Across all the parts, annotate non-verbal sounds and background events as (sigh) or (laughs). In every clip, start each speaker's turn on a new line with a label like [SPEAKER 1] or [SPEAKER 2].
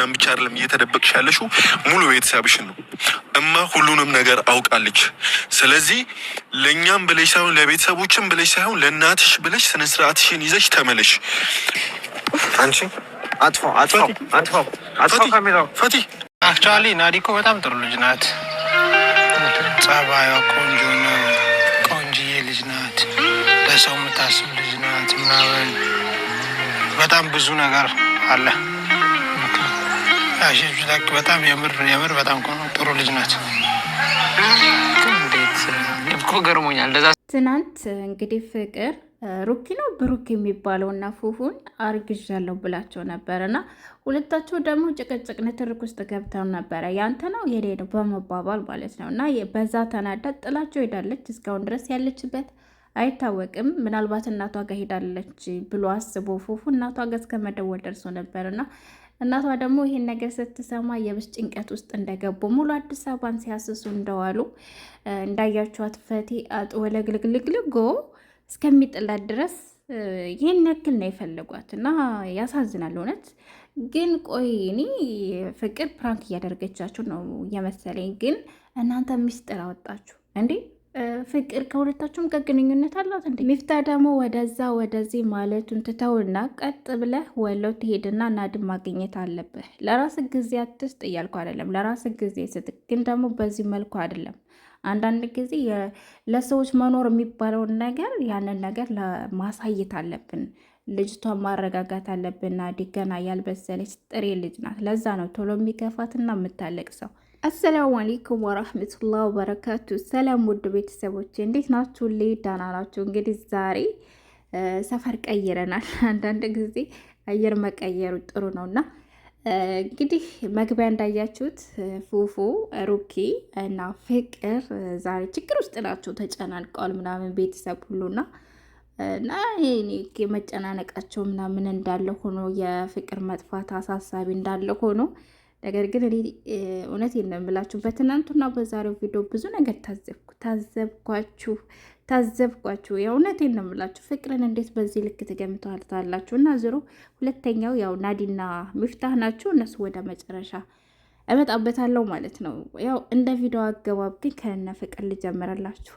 [SPEAKER 1] ጓደኛም ብቻ አይደለም እየተደበቅሽ ያለሽው ሙሉ ቤተሰብሽን ነው። እማ ሁሉንም ነገር አውቃለች። ስለዚህ ለእኛም ብለሽ ሳይሆን ለቤተሰቦችም ብለሽ ሳይሆን ለእናትሽ ብለሽ ስነ ስርዓትሽን ይዘሽ ተመለሽ።
[SPEAKER 2] አንቺ አጥፎ አጥፎ አጥፎ አጥፎ
[SPEAKER 1] ፈቲ።
[SPEAKER 3] አክቹዋሊ በጣም ጥሩ ልጅ ናት። ጸባዩ ቆንጆ ነው። ቆንጅዬ ልጅ ናት። ለሰው የምታስብ ልጅ ናት ምናምን በጣም ብዙ ነገር አለ። አሸጁላክ በጣም የምር የምር በጣም ጥሩ ልጅ ናት። እኮ ገርሞኛል። እንደዛ
[SPEAKER 4] ትናንት እንግዲህ ፍቅር ሩኪ ነው ብሩክ የሚባለው እና ፉፉን አርግዣለሁ ብላቸው ነበረ እና ሁለታቸው ደግሞ ጭቅጭቅ ንትርክ ውስጥ ገብተው ነበረ። ያንተ ነው የኔ ነው በመባባል ማለት ነው። እና በዛ ተናዳ ጥላቸው ሄዳለች። እስካሁን ድረስ ያለችበት አይታወቅም። ምናልባት እናቷ ጋር ሄዳለች ብሎ አስቦ ፉፉ እናቷ ጋር እስከመደወል ደርሶ ነበር ነበርና እናቷ ደግሞ ይሄን ነገር ስትሰማ የብስ ጭንቀት ውስጥ እንደገቡ ሙሉ አዲስ አበባን ሲያስሱ እንደዋሉ እንዳያቸዋት ፈቲ አጥወለግልግልግልጎ እስከሚጥላት ድረስ ይህን ያክል ነው የፈለጓት እና ያሳዝናል። እውነት ግን ቆይ እኔ ፍቅር ፕራንክ እያደረገቻችሁ ነው የመሰለኝ። ግን እናንተ ሚስጥር አወጣችሁ እንዴ? ፍቅር ከሁለታችሁም ጋር ግንኙነት አላት እንዴ? ሚፍታ ደግሞ ወደዛ ወደዚህ ማለቱን ትተውና ቀጥ ብለህ ወለው ትሄድና ናድን ማግኘት አለብህ። ለራስ ጊዜ አትስጥ እያልኩ አይደለም፣ ለራስ ጊዜ ስጥ፣ ግን ደግሞ በዚህ መልኩ አይደለም። አንዳንድ ጊዜ ለሰዎች መኖር የሚባለውን ነገር ያንን ነገር ማሳየት አለብን። ልጅቷን ማረጋጋት አለብን። ናዲ ገና ያልበሰለች ጥሬ ልጅ ናት። ለዛ ነው ቶሎ የሚገፋትና የምታለቅ ሰው አሰላሙ አሌይኩም ወራህመቱላህ ወበረካቱ። ሰላም ውድ ቤተሰቦች እንዴት ናችሁ? ደህና ናችሁ? እንግዲህ ዛሬ ሰፈር ቀይረናል። (laughs) አንዳንድ ጊዜ አየር መቀየሩ ጥሩ ነው እና እንግዲህ መግቢያ እንዳያችሁት ፉፉ ሩኪ እና ፍቅር ዛሬ ችግር ውስጥ ናቸው። ተጨናንቀዋል ምናምን ቤተሰብ ሁሉና እና መጨናነቃቸው ምናምን እንዳለ ሆኖ የፍቅር መጥፋት አሳሳቢ እንዳለ ሆኖ ነገር ግን እኔ እውነት የምላችሁ በትናንቱና በዛሬው ቪዲዮ ብዙ ነገር ታዘብኩ ታዘብኳችሁ ታዘብኳችሁ የእውነት የለምላችሁ ፍቅርን እንዴት በዚህ ልክ ትገምተዋልታላችሁ እና ዝሮ ሁለተኛው ያው ናዲና ሚፍታህ ናችሁ እነሱ ወደ መጨረሻ እመጣበታለሁ ማለት ነው ያው እንደ ቪዲዮ አገባብ ግን ከነ ፍቅር ልጀምረላችሁ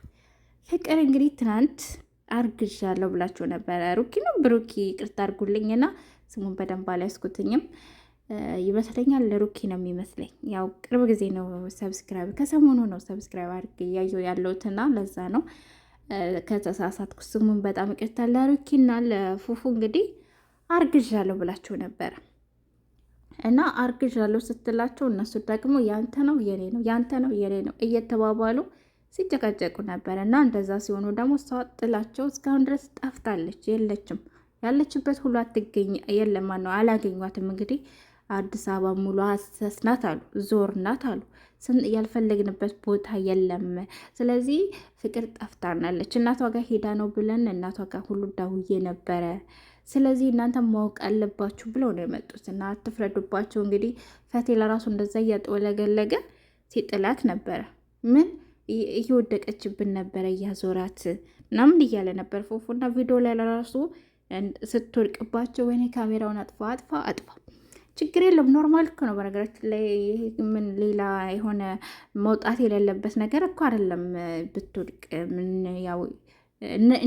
[SPEAKER 4] ፍቅር እንግዲህ ትናንት አርግዣለሁ ብላችሁ ነበረ ሩኪ ነው ብሩኪ ቅርት አርጉልኝና ስሙን በደንብ አላያስኩትኝም ይመስለኛል ለሩኪ ነው የሚመስለኝ። ያው ቅርብ ጊዜ ነው ሰብስክራይብ ከሰሞኑ ነው ሰብስክራይብ አድርጌ እያየሁ ያለውትና ለዛ ነው ከተሳሳትኩ። ስሙን በጣም ይቅርታ። ለሩኪና ለፉፉ እንግዲህ አርግዣለሁ ብላችሁ ነበረ እና አርግዣለሁ ስትላቸው እነሱ ደግሞ ያንተ ነው የኔ ነው ያንተ ነው የኔ ነው እየተባባሉ ሲጨቀጨቁ ነበር። እና እንደዛ ሲሆኑ ደግሞ እሷ ጥላቸው እስካሁን ድረስ ጠፍታለች፣ የለችም ያለችበት ሁሉ አትገኝ የለማ ነው አላገኟትም እንግዲህ አዲስ አበባ ሙሉ አሰስናት አሉ፣ ዞርናት ናት አሉ። ያልፈለግንበት ቦታ የለም። ስለዚህ ፍቅር ጠፍታናለች። እናቷ ጋር ሄዳ ነው ብለን እናቷ ጋር ሁሉ ዳውዬ ነበረ። ስለዚህ እናንተ ማወቅ አለባችሁ ብለው ነው የመጡት እና አትፍረዱባቸው። እንግዲህ ፈቴ ለራሱ እንደዛ እያጠወለገለገ ሲጥላት ነበረ። ምን እየወደቀችብን ነበረ እያዞራት ምናምን እያለ ነበር ፎፎ እና ቪዲዮ ላይ ለራሱ ስትወድቅባቸው ወይኔ ካሜራውን አጥፋ አጥፋ አጥፋ ችግር የለም ኖርማል እኮ ነው። በነገራችን ላይ ምን ሌላ የሆነ መውጣት የሌለበት ነገር እኮ አይደለም። ብትወድቅ ምን ያው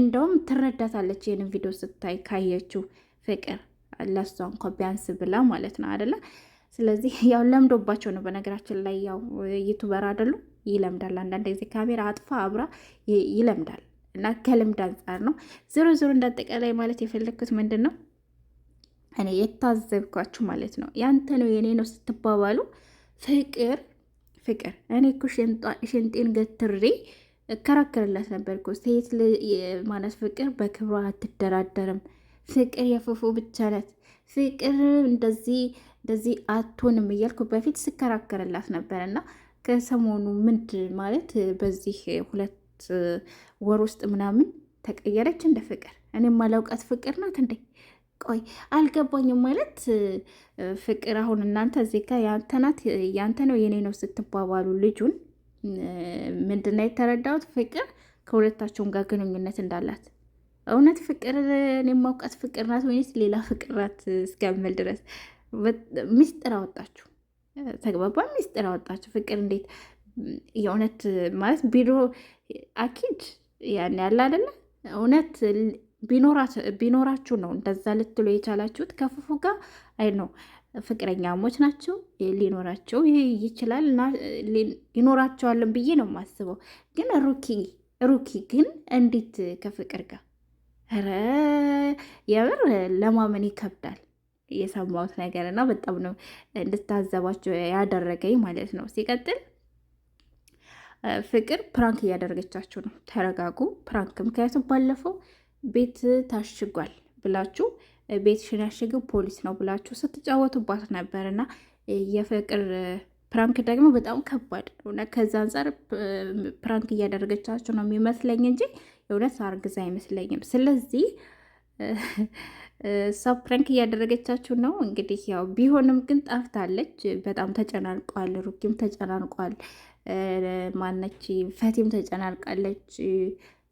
[SPEAKER 4] እንደውም ትረዳታለች። ይህንን ቪዲዮ ስታይ ካየችው ፍቅር ለሷ እንኳ ቢያንስ ብላ ማለት ነው አደለ? ስለዚህ ያው ለምዶባቸው ነው። በነገራችን ላይ ያው ዩቱበር አይደሉ ይለምዳል። አንዳንድ ጊዜ ካሜራ አጥፋ አብራ ይለምዳል እና ከልምድ አንጻር ነው። ዞሮ ዞሮ እንዳጠቃላይ ማለት የፈለግኩት ምንድን ነው እኔ የታዘብኳችሁ ማለት ነው። ያንተ ነው የኔ ነው ስትባባሉ ፍቅር ፍቅር እኔ እኮ ሽንጤን ገትሬ እከራከርላት ነበር እኮ ሴት ማለት ፍቅር በክብሯ አትደራደርም። ፍቅር የፉፉ ብቻ ናት። ፍቅር እንደዚህ እንደዚህ አትሆንም እያልኩ በፊት ስከራከርላት ነበር እና ከሰሞኑ ምንድ ማለት በዚህ ሁለት ወር ውስጥ ምናምን ተቀየረች እንደ ፍቅር። እኔ ማላውቃት ፍቅር ናት እንዴ? ቆይ አልገባኝም። ማለት ፍቅር አሁን እናንተ እዚህ ጋ ያንተ ያንተ ነው የኔ ነው ስትባባሉ ልጁን ምንድን ነው የተረዳሁት? ፍቅር ከሁለታቸውም ጋር ግንኙነት እንዳላት እውነት ፍቅር እኔ ማውቃት ፍቅር ናት ወይስ ሌላ ፍቅር ናት እስከምል ድረስ ሚስጥር አወጣችሁ። ተግባባ፣ ሚስጥር አወጣችሁ። ፍቅር እንዴት የእውነት ማለት ቢሮ አኪድ ያን ያለ አደለ እውነት ቢኖራችሁ ነው እንደዛ ልትሉ የቻላችሁት። ከፉፉ ጋር አይ ነው ፍቅረኛሞች ናቸው ሊኖራቸው ይህ ይችላል ይኖራቸዋለን ብዬ ነው የማስበው። ግን ሩኪ ሩኪ ግን እንዴት ከፍቅር ጋር ኧረ የምር ለማመን ይከብዳል። የሰማሁት ነገር እና በጣም ነው እንድታዘባቸው ያደረገኝ ማለት ነው። ሲቀጥል ፍቅር ፕራንክ እያደረገቻቸው ነው። ተረጋጉ። ፕራንክ ምክንያቱም ባለፈው ቤት ታሽጓል ብላችሁ ቤትሽን ያሸገው ፖሊስ ነው ብላችሁ ስትጫወቱባት ነበር እና የፍቅር ፕራንክ ደግሞ በጣም ከባድ ነው። ከዛ አንጻር ፕራንክ እያደረገቻቸው ነው የሚመስለኝ እንጂ የእውነት አርግዛ አይመስለኝም። ስለዚህ እሷ ፕራንክ እያደረገቻችሁ ነው። እንግዲህ ያው ቢሆንም ግን ጠፍታለች። በጣም ተጨናንቋል። ሩኪም ተጨናንቋል። ማነች ፈቲም ተጨናንቃለች።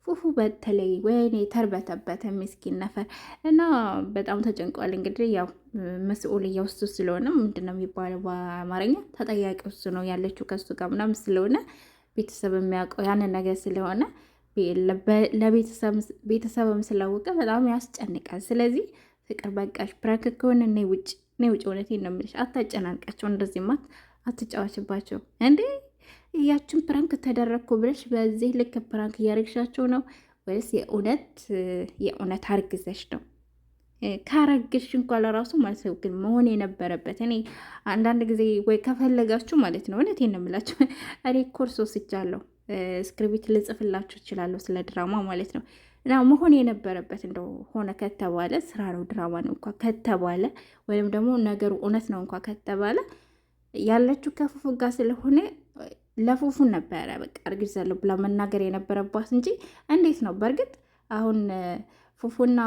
[SPEAKER 4] ፉፉ በተለይ ወይኔ ተርበተበተ ምስኪን ነፈር እና በጣም ተጨንቋል። እንግዲህ ያው መስኦል እያውስቱ ስለሆነ ምንድን ነው የሚባለው በአማርኛ ተጠያቂ ውስጥ ነው ያለችው ከሱ ጋር ምናምን ስለሆነ ቤተሰብ የሚያውቀው ያንን ነገር ስለሆነ ለቤተሰብም ስላወቀ በጣም ያስጨንቃል። ስለዚህ ፍቅር በቃሽ፣ ፕራንክ ከሆነ እኔ ውጭ እኔ ውጭ። እውነቴን ነው የምልሽ፣ አታጨናንቃቸው እንደዚህ ማት እንዴ እያችን ፕራንክ ተደረግኩ ብለሽ በዚህ ልክ ፕራንክ እያረግሻቸው ነው ወይስ የእውነት የእውነት አርግዘሽ ነው? ካረግሽ እንኳ ለራሱ ማለት ነው። ግን መሆን የነበረበት እኔ አንዳንድ ጊዜ ወይ ከፈለጋችሁ ማለት ነው እውነት ነው የምላችሁ። (laughs) እኔ ኮርስ ወስጃለሁ፣ ስክሪፕት ልጽፍላችሁ እችላለሁ ስለ ድራማ ማለት ነው። እና መሆን የነበረበት እንደው ሆነ ከተባለ ስራ ነው ድራማ ነው እንኳ ከተባለ ወይም ደግሞ ነገሩ እውነት ነው እንኳ ከተባለ ያለችው ከፉፉ ጋር ስለሆነ ለፉፉን ነበረ በቃ አርግዣለሁ ብላ መናገር የነበረባት እንጂ እንዴት ነው? በእርግጥ አሁን ፉፉና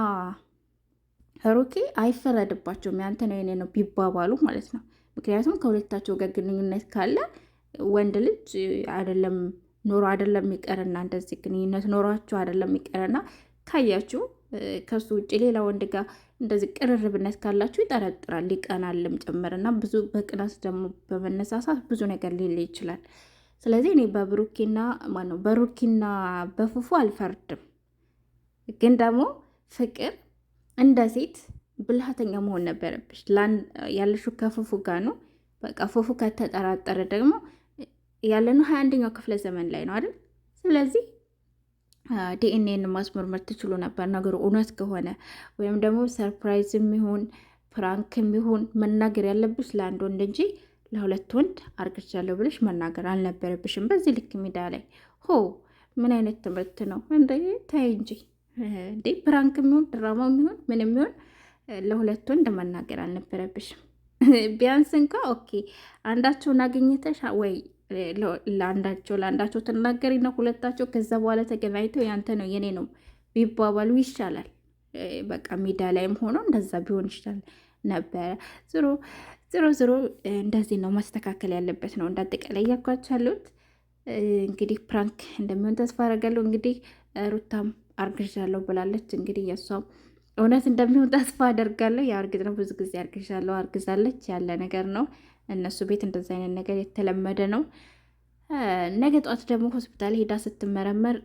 [SPEAKER 4] ሩኬ አይፈረድባቸውም። ያንተ ነው የኔ ነው ቢባባሉ ማለት ነው። ምክንያቱም ከሁለታቸው ጋር ግንኙነት ካለ ወንድ ልጅ አይደለም ኖሮ አይደለም ይቀርና እንደዚህ ግንኙነት ኖሯቸው አይደለም ይቀርና ካያችሁ ከሱ ውጭ ሌላ ወንድ ጋር እንደዚህ ቅርርብነት ካላችሁ ይጠረጥራል፣ ይቀናልም ጭምርና ብዙ በቅናት ደግሞ በመነሳሳት ብዙ ነገር ሊል ይችላል። ስለዚህ እኔ በብሩኪና ማነው በሩኪና በፉፉ አልፈርድም፣ ግን ደግሞ ፍቅር እንደ ሴት ብልሃተኛ መሆን ነበረብሽ። ያለሹ ከፉፉ ጋር ነው። በቃ ፉፉ ከተጠራጠረ ደግሞ ያለነው ሀያ አንደኛው ክፍለ ዘመን ላይ ነው አይደል? ስለዚህ ዲኤንኤን ማስመርመር ትችሉ ነበር፣ ነገሩ እውነት ከሆነ ወይም ደግሞ ሰርፕራይዝም ይሁን ፕራንክም ይሁን መናገር ያለብሽ ለአንድ ወንድ እንጂ ለሁለት ወንድ አርግቻለሁ ብለሽ መናገር አልነበረብሽም። በዚህ ልክ ሜዳ ላይ ሆ ምን አይነት ትምህርት ነው እንደ ታይ እንጂ እንዴ ፕራንክ የሚሆን ድራማ የሚሆን ምን የሚሆን ለሁለት ወንድ መናገር አልነበረብሽም። ቢያንስ እንኳ ኦኬ አንዳቸውን አገኘተሽ ወይ ለአንዳቸው ለአንዳቸው ትናገሪ ነው ሁለታቸው ከዛ በኋላ ተገናኝተው ያንተ ነው የኔ ነው ቢባባሉ ይሻላል። በቃ ሜዳ ላይም ሆኖ እንደዛ ቢሆን ይሻል ነበረ ዝሮ ዝሮ ዝሮ እንደዚህ ነው ማስተካከል ያለበት ነው እንዳጠቃላይ እያልኳቸው ያለሁት። እንግዲህ ፕራንክ እንደሚሆን ተስፋ አደርጋለሁ። እንግዲህ ሩታም አርግዣለሁ ብላለች። እንግዲህ የእሷም እውነት እንደሚሆን ተስፋ አደርጋለሁ። ያው እርግጥ ነው ብዙ ጊዜ አርግዣለሁ አርግዛለች ያለ ነገር ነው። እነሱ ቤት እንደዚ አይነት ነገር የተለመደ ነው። ነገ ጠዋት ደግሞ ሆስፒታል ሄዳ ስትመረመር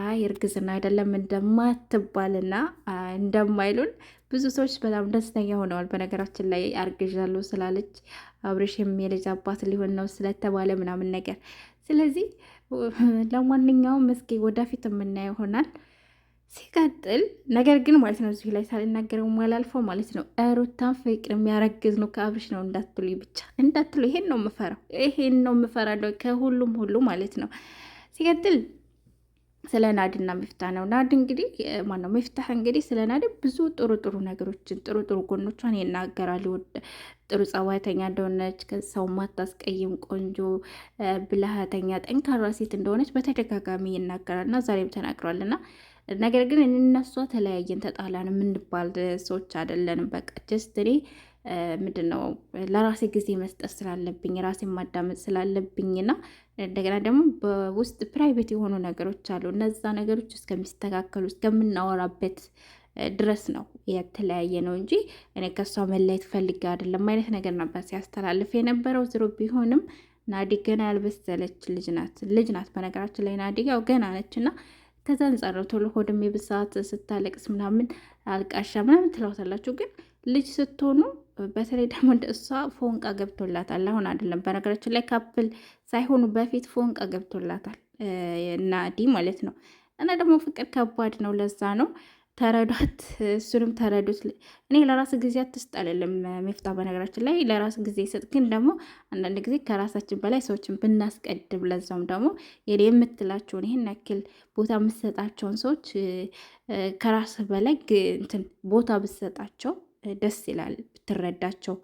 [SPEAKER 4] አይ እርግዝና አይደለም እንደማትባልና እንደማይሉን ብዙ ሰዎች በጣም ደስተኛ ሆነዋል። በነገራችን ላይ አርግዣለሁ ስላለች አብሬሽም የልጅ አባት ሊሆን ነው ስለተባለ ምናምን ነገር። ስለዚህ ለማንኛውም እስኪ ወደፊት የምናየው ይሆናል። ሲቀጥል ነገር ግን ማለት ነው እዚህ ላይ ሳልናገረው ማላልፈው ማለት ነው ሩታን ፍቅር የሚያረግዝ ነው ከአብርሽ ነው እንዳትሉ፣ ብቻ እንዳትሉ። ይሄን ነው የምፈራው፣ ይሄን ነው የምፈራለው ከሁሉም ሁሉ ማለት ነው ሲቀጥል ስለ ናድና ሚፍታህ ነው። ናድ እንግዲህ ማነው ሚፍታህ እንግዲህ ስለ ናድ ብዙ ጥሩ ጥሩ ነገሮችን ጥሩ ጥሩ ጎኖቿን ይናገራል። ጥሩ ጸባይተኛ እንደሆነች፣ ከሰው ማታስቀይም፣ ቆንጆ ብልሃተኛ፣ ጠንካራ ሴት እንደሆነች በተደጋጋሚ ይናገራል እና ዛሬም ተናግሯል እና ነገር ግን እነሷ ተለያየን፣ ተጣላን የምንባል ሰዎች አይደለንም። በቃ ጀስት እኔ ምንድን ነው ለራሴ ጊዜ መስጠት ስላለብኝ ራሴ ማዳመጥ ስላለብኝ ና እንደገና ደግሞ በውስጥ ፕራይቬት የሆኑ ነገሮች አሉ። እነዛ ነገሮች እስከሚስተካከሉ እስከምናወራበት ድረስ ነው የተለያየ ነው እንጂ እኔ ከእሷ መለየት ፈልጌ አይደለም አይነት ነገር ነበር ሲያስተላልፍ የነበረው። ዝሮ ቢሆንም ናዲ ገና ያልበሰለች ልጅ ናት ልጅ ናት። በነገራችን ላይ ናዲ ያው ገና ነች እና ከዛ አንጻር ቶሎ ሆድሜ ብሳት ስታለቅስ ምናምን አልቃሻ ምናምን ትለውታላችሁ። ግን ልጅ ስትሆኑ በተለይ ደግሞ እሷ ፎንቃ ገብቶላታል። አሁን አይደለም በነገራችን ላይ ካፕል ሳይሆኑ በፊት ፎንቃ ገብቶላታል እና ዲ ማለት ነው። እና ደግሞ ፍቅር ከባድ ነው። ለዛ ነው ተረዷት፣ እሱንም ተረዱት። እኔ ለራስ ጊዜ አትስጥ አልልም ሚፍታ። በነገራችን ላይ ለራስ ጊዜ ይሰጥ፣ ግን ደግሞ አንዳንድ ጊዜ ከራሳችን በላይ ሰዎችን ብናስቀድም፣ ለዛውም ደግሞ የምትላቸውን ይህን ያክል ቦታ የምትሰጣቸውን ሰዎች ከራስ በላይ እንትን ቦታ ብትሰጣቸው ደስ ይላል ብትረዳቸው።